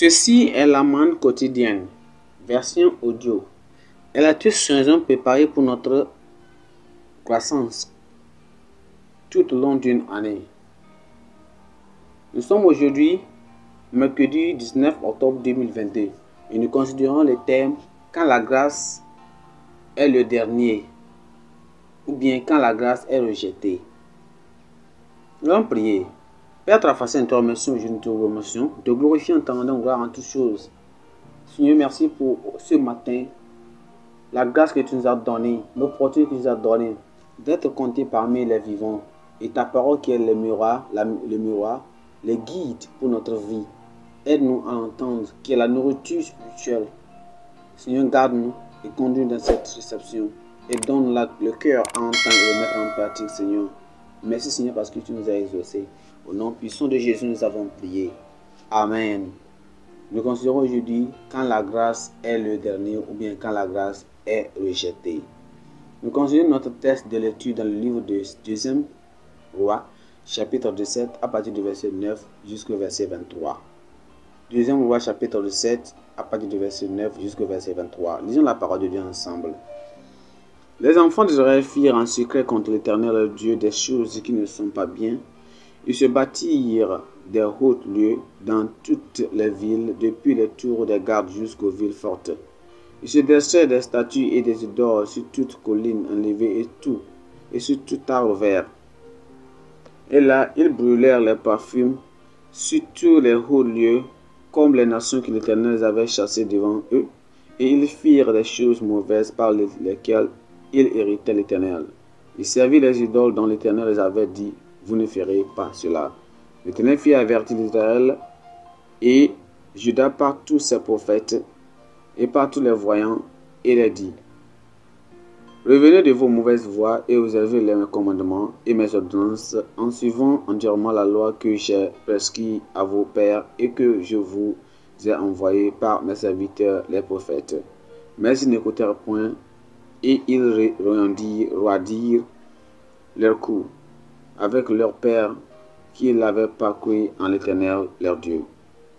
Ceci est l'amende quotidienne, version audio. Elle a tous changeant préparé pour notre croissance tout au long d'une année. Nous sommes aujourd'hui mercredi 19 octobre 2022 et nous considérons le thème quand la grâce est le dernier ou bien quand la grâce est rejetée. Nous allons prier. Père, face en toi, merci, je ne te remercie de glorifier en rendant gloire en toutes choses. Seigneur, merci pour ce matin, la grâce que tu nous as donnée, l'opportunité que tu nous as donnée d'être compté parmi les vivants. Et ta parole qui est le miroir, le miroir, le guide pour notre vie. Aide-nous à entendre qui est la nourriture spirituelle. Seigneur, garde-nous et conduis dans cette réception. Et donne le cœur à entendre et mettre en pratique, Seigneur. Merci Seigneur parce que tu nous as exaucés. Au nom puissant de Jésus, nous avons prié. Amen. Nous considérons aujourd'hui quand la grâce est le dernier ou bien quand la grâce est rejetée. Nous considérons notre texte de lecture dans le livre de 2e Roi, chapitre 17, à partir du verset 9 jusqu'au verset 23. 2e Roi, chapitre 7, à partir du verset 9 jusqu'au verset 23. Lisons la parole de Dieu ensemble. Les enfants d'Israël firent en secret contre l'Éternel Dieu des choses qui ne sont pas bien. Ils se bâtirent des hauts lieux dans toutes les villes, depuis les tours des gardes jusqu'aux villes fortes. Ils se dressèrent des statues et des idoles sur toutes collines enlevées et tout, et sur tout arbre vert. Et là, ils brûlèrent les parfums sur tous les hauts lieux, comme les nations que l'Éternel avait chassées devant eux, et ils firent des choses mauvaises par lesquelles il héritait l'Éternel. Il servit les idoles dont l'Éternel les avait dit, vous ne ferez pas cela. L'Éternel fit avertir l'Éternel et Judas par tous ses prophètes et par tous les voyants et les dit, Revenez de vos mauvaises voies et observez les commandements et mes ordonnances en suivant entièrement la loi que j'ai prescrite à vos pères et que je vous ai envoyée par mes serviteurs les prophètes. Mais ils n'écoutèrent point et ils rendirent leur coup avec leur père qui avaient parcouru en l'éternel leur Dieu.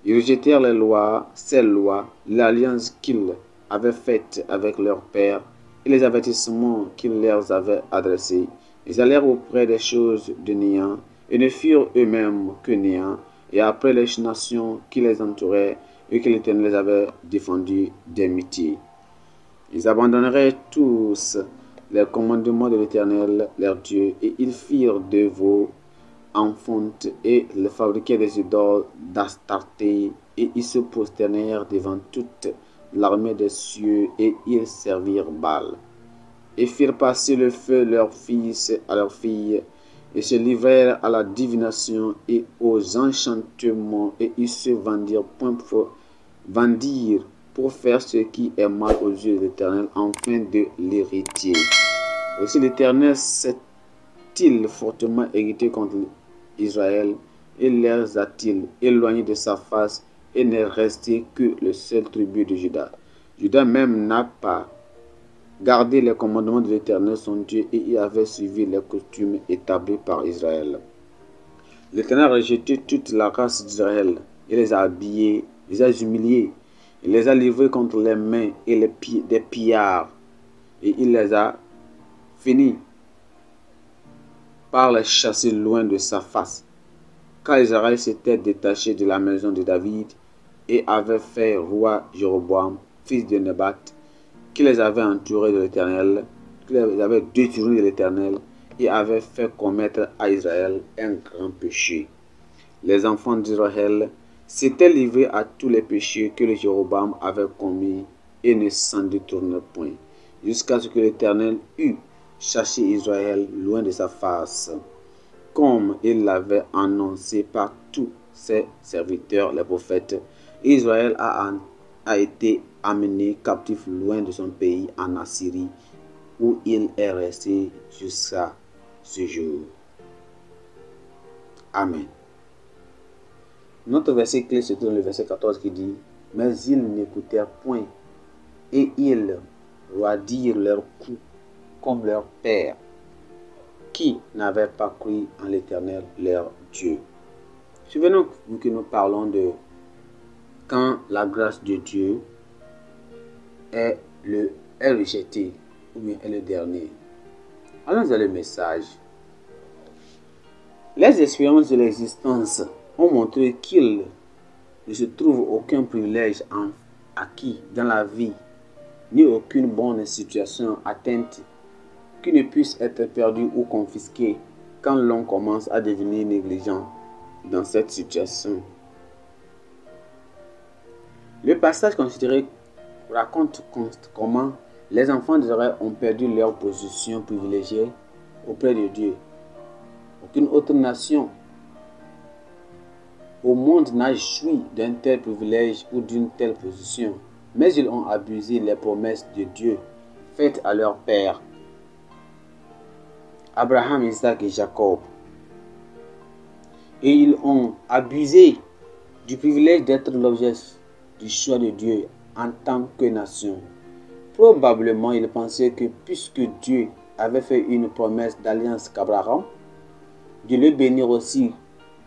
Ils rejetèrent les lois, ces lois, l'alliance qu'ils avaient faite avec leur père et les avertissements qu'ils leur avaient adressés. Ils allèrent auprès des choses de néant et ne furent eux-mêmes que néant et après les nations qui les entouraient et que l'Éternel les avait défendus d'amitié. Ils abandonneraient tous les commandements de l'Éternel, leur Dieu, et ils firent de vos fonte et le fabriquaient des idoles d'Astarté, et ils se prosternèrent devant toute l'armée des cieux, et ils servirent Baal, et firent passer le feu leurs fils à leurs filles, et se livrèrent à la divination et aux enchantements, et ils se vendirent pour vendirent pour faire ce qui est mal aux yeux de l'Éternel, enfin de l'héritier. Aussi l'Éternel s'est-il fortement irrité contre Israël, et les a-t-il éloignés de sa face, et n'est resté que le seul tribut de Juda. Juda même n'a pas gardé les commandements de l'Éternel son Dieu et y avait suivi les coutumes établies par Israël. L'Éternel a rejeté toute la race d'Israël et les a habillés, les a humiliés il les a livrés contre les mains et les pieds des pillards. Et il les a finis par les chasser loin de sa face. Car Israël s'était détaché de la maison de David et avait fait roi Jéroboam, fils de Nebat, qui les avait entourés de l'Éternel, qui les avait détournés de l'Éternel et avait fait commettre à Israël un grand péché. Les enfants d'Israël s'était livré à tous les péchés que le Jéroboam avait commis et ne s'en détournait point, jusqu'à ce que l'Éternel eût cherché Israël loin de sa face, comme il l'avait annoncé par tous ses serviteurs, les prophètes. Israël a été amené captif loin de son pays en Assyrie, où il est resté jusqu'à ce jour. Amen. Notre verset clé se trouve dans le verset 14 qui dit Mais ils n'écoutèrent point, et ils roidirent leur cou comme leur père, qui n'avait pas cru en l'Éternel leur Dieu. souvenons nous que nous parlons de quand la grâce de Dieu est, le, est rejetée, ou bien est le dernier. Allons à le message. Les expériences de l'existence ont montré qu'il ne se trouve aucun privilège acquis dans la vie, ni aucune bonne situation atteinte qui ne puisse être perdue ou confisquée quand l'on commence à devenir négligent dans cette situation. Le passage considéré raconte comment les enfants d'Israël ont perdu leur position privilégiée auprès de Dieu. Aucune autre nation au monde n'a joui d'un tel privilège ou d'une telle position, mais ils ont abusé les promesses de Dieu faites à leur père, Abraham, Isaac et Jacob. Et ils ont abusé du privilège d'être l'objet du choix de Dieu en tant que nation. Probablement, ils pensaient que puisque Dieu avait fait une promesse d'alliance qu'Abraham, de le bénir aussi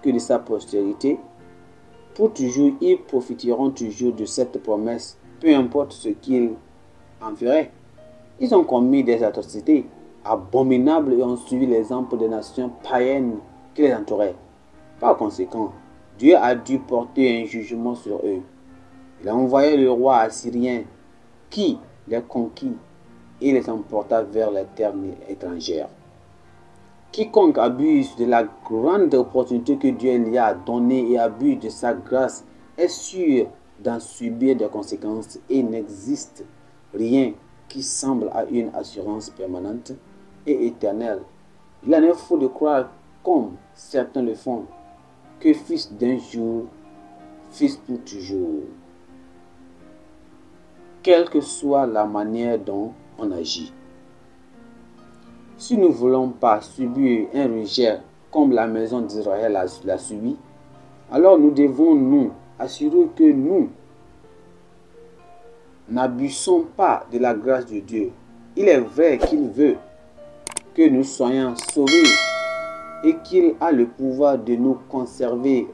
que de sa postérité. Pour toujours, ils profiteront toujours de cette promesse, peu importe ce qu'ils en feraient. Ils ont commis des atrocités abominables et ont suivi l'exemple des nations païennes qui les entouraient. Par conséquent, Dieu a dû porter un jugement sur eux. Il a envoyé le roi assyrien qui les conquit et les emporta vers les terres étrangères. Quiconque abuse de la grande opportunité que Dieu lui a donnée et abuse de sa grâce est sûr d'en subir des conséquences et n'existe rien qui semble à une assurance permanente et éternelle. Il en est faux de croire, comme certains le font, que fils d'un jour, fils pour toujours. Quelle que soit la manière dont on agit. Si nous ne voulons pas subir un rejet comme la maison d'Israël l'a subi, alors nous devons nous assurer que nous n'abusons pas de la grâce de Dieu. Il est vrai qu'il veut que nous soyons sauvés et qu'il a le pouvoir de nous conserver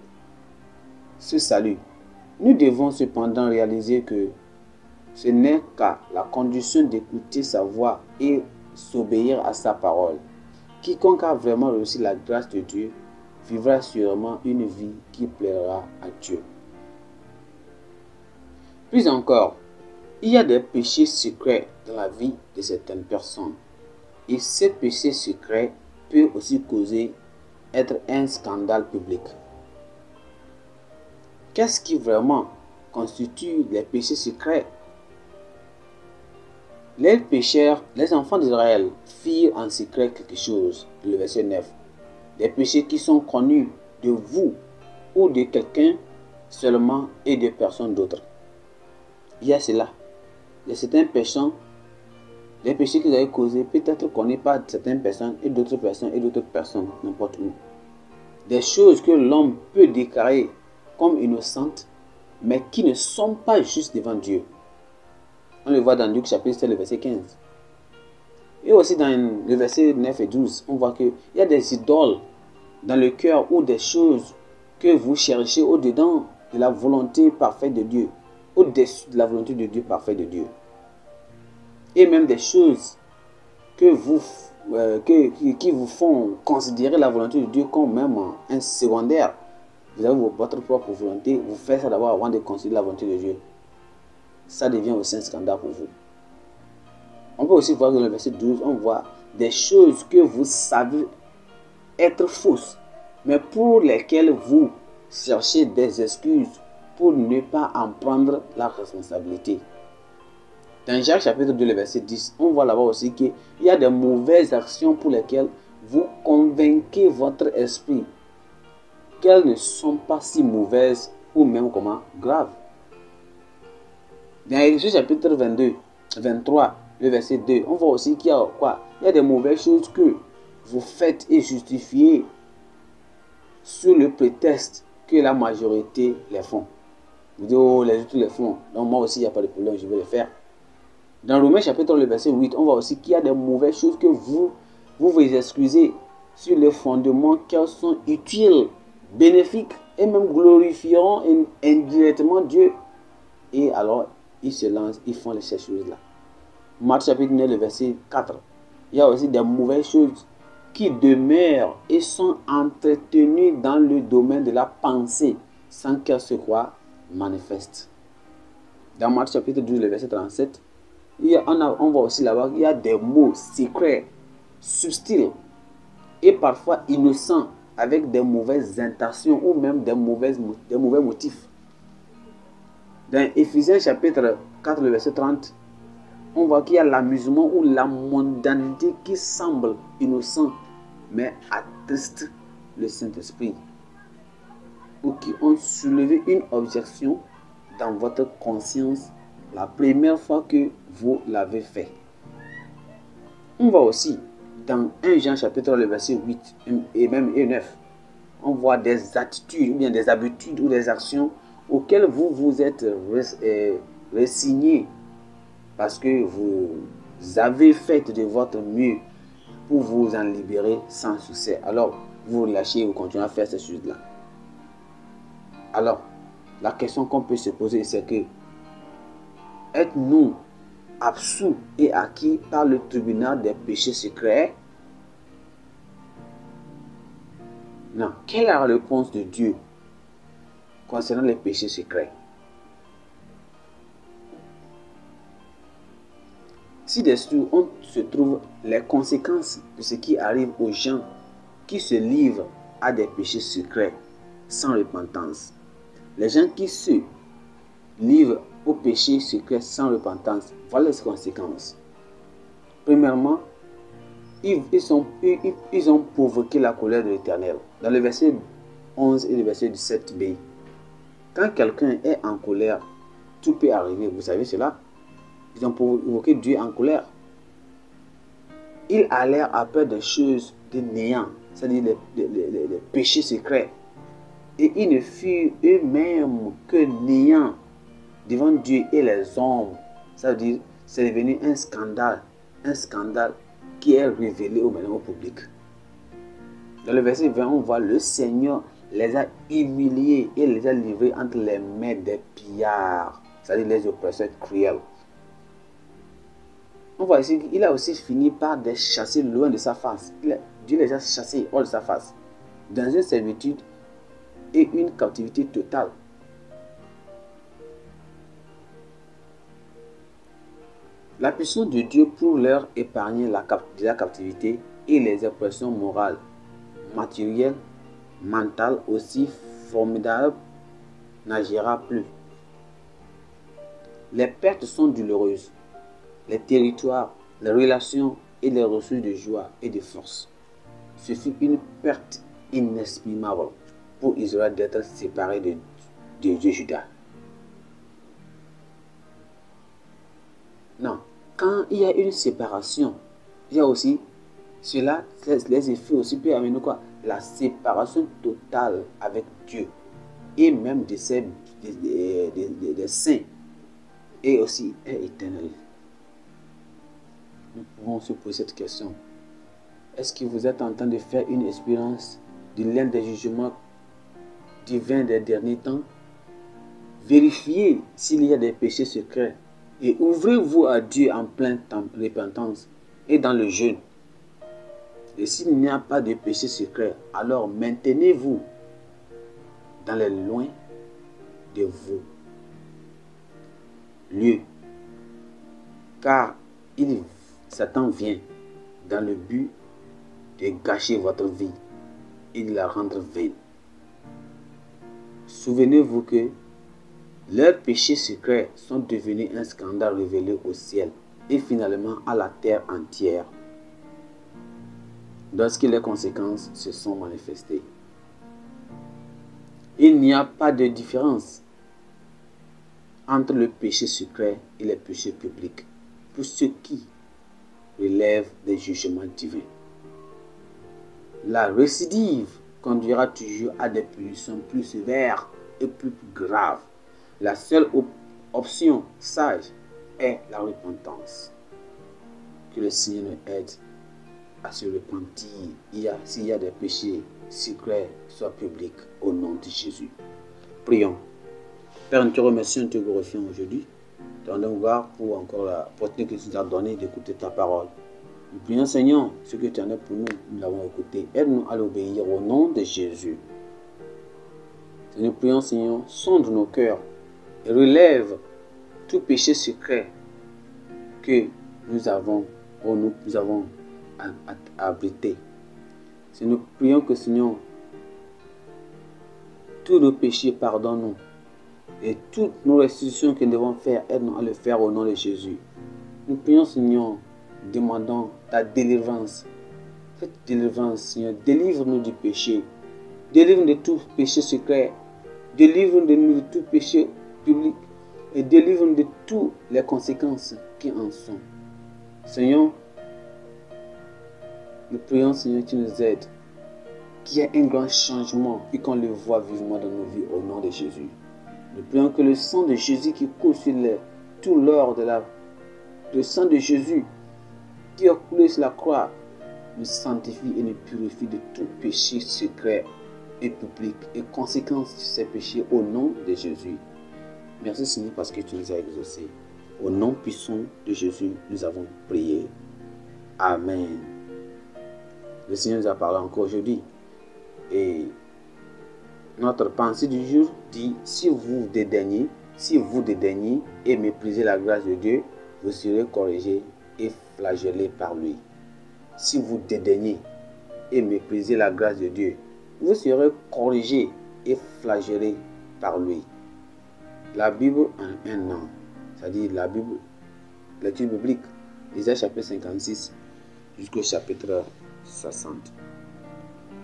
ce salut. Nous devons cependant réaliser que ce n'est qu'à la condition d'écouter sa voix et s'obéir à sa parole. Quiconque a vraiment reçu la grâce de Dieu vivra sûrement une vie qui plaira à Dieu. Plus encore, il y a des péchés secrets dans la vie de certaines personnes. Et ces péchés secrets peuvent aussi causer être un scandale public. Qu'est-ce qui vraiment constitue les péchés secrets les pécheurs, les enfants d'Israël, firent en secret quelque chose. Le verset 9. Des péchés qui sont connus de vous ou de quelqu'un seulement et de personnes d'autres. Il y a cela. Il y a certains péchants, les péchés qu'ils avaient causés, peut-être connus par certaines personnes et d'autres personnes et d'autres personnes, n'importe où. Des choses que l'homme peut déclarer comme innocentes, mais qui ne sont pas justes devant Dieu. On le voit dans Luc chapitre le verset 15. Et aussi dans le verset 9 et 12, on voit qu'il y a des idoles dans le cœur ou des choses que vous cherchez au-dedans de la volonté parfaite de Dieu, au-dessus de la volonté de Dieu parfaite de Dieu. Et même des choses que vous, euh, que, qui vous font considérer la volonté de Dieu comme même un secondaire. Vous avez votre propre volonté, vous faites ça d'abord avant de considérer la volonté de Dieu ça devient aussi un scandale pour vous. On peut aussi voir dans le verset 12, on voit des choses que vous savez être fausses, mais pour lesquelles vous cherchez des excuses pour ne pas en prendre la responsabilité. Dans Jacques chapitre 2, le verset 10, on voit là-bas aussi qu'il y a des mauvaises actions pour lesquelles vous convainquez votre esprit qu'elles ne sont pas si mauvaises ou même comment graves. Dans chapitre 22, 23, le verset 2, on voit aussi qu'il y a quoi Il y a des mauvaises choses que vous faites et justifiez sous le prétexte que la majorité les font. Vous dites, oh, les autres les font. Donc moi aussi, il n'y a pas de problème, je vais les faire. Dans Romains chapitre le verset 8, on voit aussi qu'il y a des mauvaises choses que vous vous, vous excusez sur les fondements qui sont utiles, bénéfiques et même glorifieront indirectement Dieu. Et alors, ils se lancent, ils font ces choses-là. Marc chapitre 9, le verset 4. Il y a aussi des mauvaises choses qui demeurent et sont entretenues dans le domaine de la pensée sans qu'elles se croient manifestes. Dans Marc chapitre 12, le verset 37, il y a, on, voit aussi là-bas qu'il y a des mots secrets, subtils et parfois innocents avec des mauvaises intentions ou même des, mauvaises, des mauvais motifs. Dans Ephésiens chapitre 4, verset 30, on voit qu'il y a l'amusement ou la mondanité qui semble innocent, mais atteste le Saint-Esprit, ou qui ont soulevé une objection dans votre conscience la première fois que vous l'avez fait. On voit aussi dans 1 Jean chapitre le verset 8 et même 9, on voit des attitudes ou bien des habitudes ou des actions auquel vous vous êtes résigné euh, parce que vous avez fait de votre mieux pour vous en libérer sans succès. Alors, vous lâchez et vous continuez à faire ces choses-là. Alors, la question qu'on peut se poser, c'est que êtes-nous absous et acquis par le tribunal des péchés secrets Non. Quelle est la réponse de Dieu concernant les péchés secrets. Si dessus, on se trouve les conséquences de ce qui arrive aux gens qui se livrent à des péchés secrets sans repentance. Les gens qui se livrent aux péchés secrets sans repentance, voilà les conséquences. Premièrement, ils, ont, ils, ils ont provoqué la colère de l'Éternel. Dans le verset 11 et le verset 17b, quand quelqu'un est en colère, tout peut arriver. Vous savez cela Ils ont provoqué Dieu en colère. il l'air à peur des choses de néant, c'est-à-dire les, péchés secrets. Et ils ne furent eux-mêmes que néants devant Dieu et les hommes. Ça veut dire, c'est devenu un scandale, un scandale qui est révélé au, au public. Dans le verset 20, on voit le Seigneur les a humiliés et les a livrés entre les mains des pillards, c'est-à-dire les oppresseurs cruels. On voit ici qu'il a aussi fini par les chasser loin de sa face. Dieu les a chassés hors de sa face, dans une servitude et une captivité totale. La puissance de Dieu pour leur épargner la, la captivité et les oppressions morales, matérielles mental aussi formidable n'agira plus. Les pertes sont douloureuses. Les territoires, les relations et les ressources de joie et de force. Ce fut une perte inexprimable pour Israël d'être séparé de, de, Judas. Non, quand il y a une séparation, il y a aussi cela, les effets aussi peuvent amener quoi la séparation totale avec Dieu et même de ses des, saints et aussi est éternel. Nous pouvons se poser cette question. Est-ce que vous êtes en train de faire une expérience de l'un des jugements divins des derniers temps Vérifiez s'il y a des péchés secrets et ouvrez-vous à Dieu en pleine repentance et dans le jeûne. Et s'il n'y a pas de péché secret, alors maintenez-vous dans les loin de vos lieux. Car Satan vient dans le but de gâcher votre vie et de la rendre vaine. Souvenez-vous que leurs péchés secrets sont devenus un scandale révélé au ciel et finalement à la terre entière lorsque les conséquences se sont manifestées. Il n'y a pas de différence entre le péché secret et le péché public pour ceux qui relèvent des jugements divins. La récidive conduira toujours à des punitions plus sévères et plus graves. La seule option sage est la repentance. Que le Seigneur nous aide à se repentir s'il y a des péchés secrets, soit public au nom de Jésus. Prions. Père, nous te remercions, nous te glorifions aujourd'hui. Dans le regard pour encore la porte que tu nous as donnée d'écouter ta parole. Nous prions, Seigneur, ce que tu en as pour nous, nous l'avons écouté. Aide-nous à l'obéir au nom de Jésus. Nous prions, Seigneur, sonde nos cœurs et relève tout péché secret que nous avons, ou nous avons abriter Si nous prions que Seigneur, tous nos péchés, pardonne-nous. Et toutes nos restitutions que nous devons faire, aide-nous à le faire au nom de Jésus. Nous prions, Seigneur, demandant ta délivrance. Cette délivrance, Seigneur, délivre-nous du péché. Délivre-nous de tout péché secret. Délivre-nous de tout péché public. Et délivre-nous de toutes les conséquences qui en sont. Seigneur, nous prions Seigneur tu nous aides, qu'il y ait un grand changement et qu'on le voit vivement dans nos vies au nom de Jésus. Nous prions que le sang de Jésus qui coule sur tout l'or de la... Le sang de Jésus qui a coulé sur la croix nous sanctifie et nous purifie de tout péché secret et public et conséquence de ces péchés au nom de Jésus. Merci Seigneur parce que tu nous as exaucés. Au nom puissant de Jésus, nous avons prié. Amen. Le Seigneur nous a parlé encore aujourd'hui. Et notre pensée du jour dit, si vous dédaignez, si vous dédaignez et méprisez la grâce de Dieu, vous serez corrigé et flagellé par lui. Si vous dédaignez et méprisez la grâce de Dieu, vous serez corrigé et flagellé par lui. La Bible en un an, c'est-à-dire la Bible, l'étude biblique, Isaïe chapitre 56 jusqu'au chapitre 60.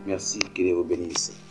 Merci, que Dieu vous bénisse.